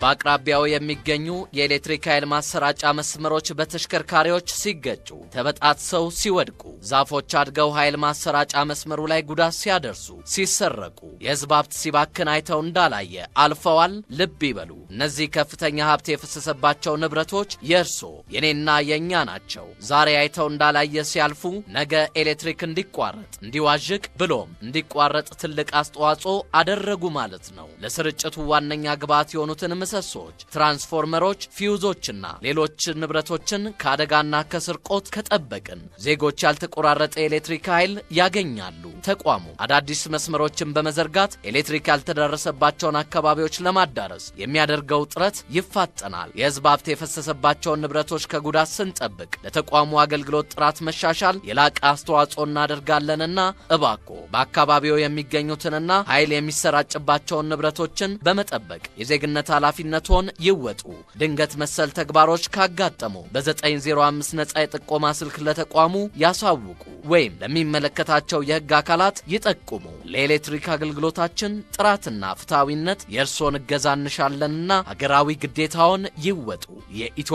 በአቅራቢያው የሚገኙ የኤሌክትሪክ ኃይል ማሰራጫ መስመሮች በተሽከርካሪዎች ሲገጩ፣ ተበጣጥሰው ሲወድቁ፣ ዛፎች አድገው ኃይል ማሰራጫ መስመሩ ላይ ጉዳት ሲያደርሱ፣ ሲሰረቁ፣ የህዝብ ሀብት ሲባክን አይተው እንዳላየ አልፈዋል። ልብ ይበሉ። እነዚህ ከፍተኛ ሀብት የፈሰሰባቸው ንብረቶች የእርሶ የኔና የእኛ ናቸው። ዛሬ አይተው እንዳላየ ሲያልፉ ነገ ኤሌክትሪክ እንዲቋረጥ እንዲዋዥቅ ብሎም እንዲቋረጥ ትልቅ አስተዋጽኦ አደረጉ ማለት ነው። ለስርጭቱ ዋነኛ ግብዓት የሆኑትን ምሰሶዎች፣ ትራንስፎርመሮች፣ ፊውዞችና ሌሎች ንብረቶችን ከአደጋና ከስርቆት ከጠበቅን ዜጎች ያልተቆራረጠ የኤሌክትሪክ ኃይል ያገኛሉ። ተቋሙ አዳዲስ መስመሮችን በመዘርጋት ኤሌክትሪክ ያልተዳረሰባቸውን አካባቢዎች ለማዳረስ የሚያደርገው ጥረት ይፋጠናል። የህዝብ ሀብት የፈሰሰባቸውን ንብረቶች ከጉዳት ስንጠብቅ ለተቋሙ አገልግሎት ጥራት መሻሻል የላቀ አስተዋጽኦ እናደርጋለንና እባኮ በአካባቢው የሚገኙትንና ኃይል የሚሰራጭባቸውን ንብረቶችን በመጠበቅ የዜግነት ኃላፊነትዎን ይወጡ። ድንገት መሰል ተግባሮች ካጋጠሙ በ905 ነጻ የጥቆማ ስልክ ለተቋሙ ያሳውቁ ወይም ለሚመለከታቸው የህግ አካል አካላት ይጠቁሙ። ለኤሌክትሪክ አገልግሎታችን ጥራትና ፍትሐዊነት የእርስዎን እገዛ እንሻለንና ሀገራዊ ግዴታውን ይወጡ። የኢትዮ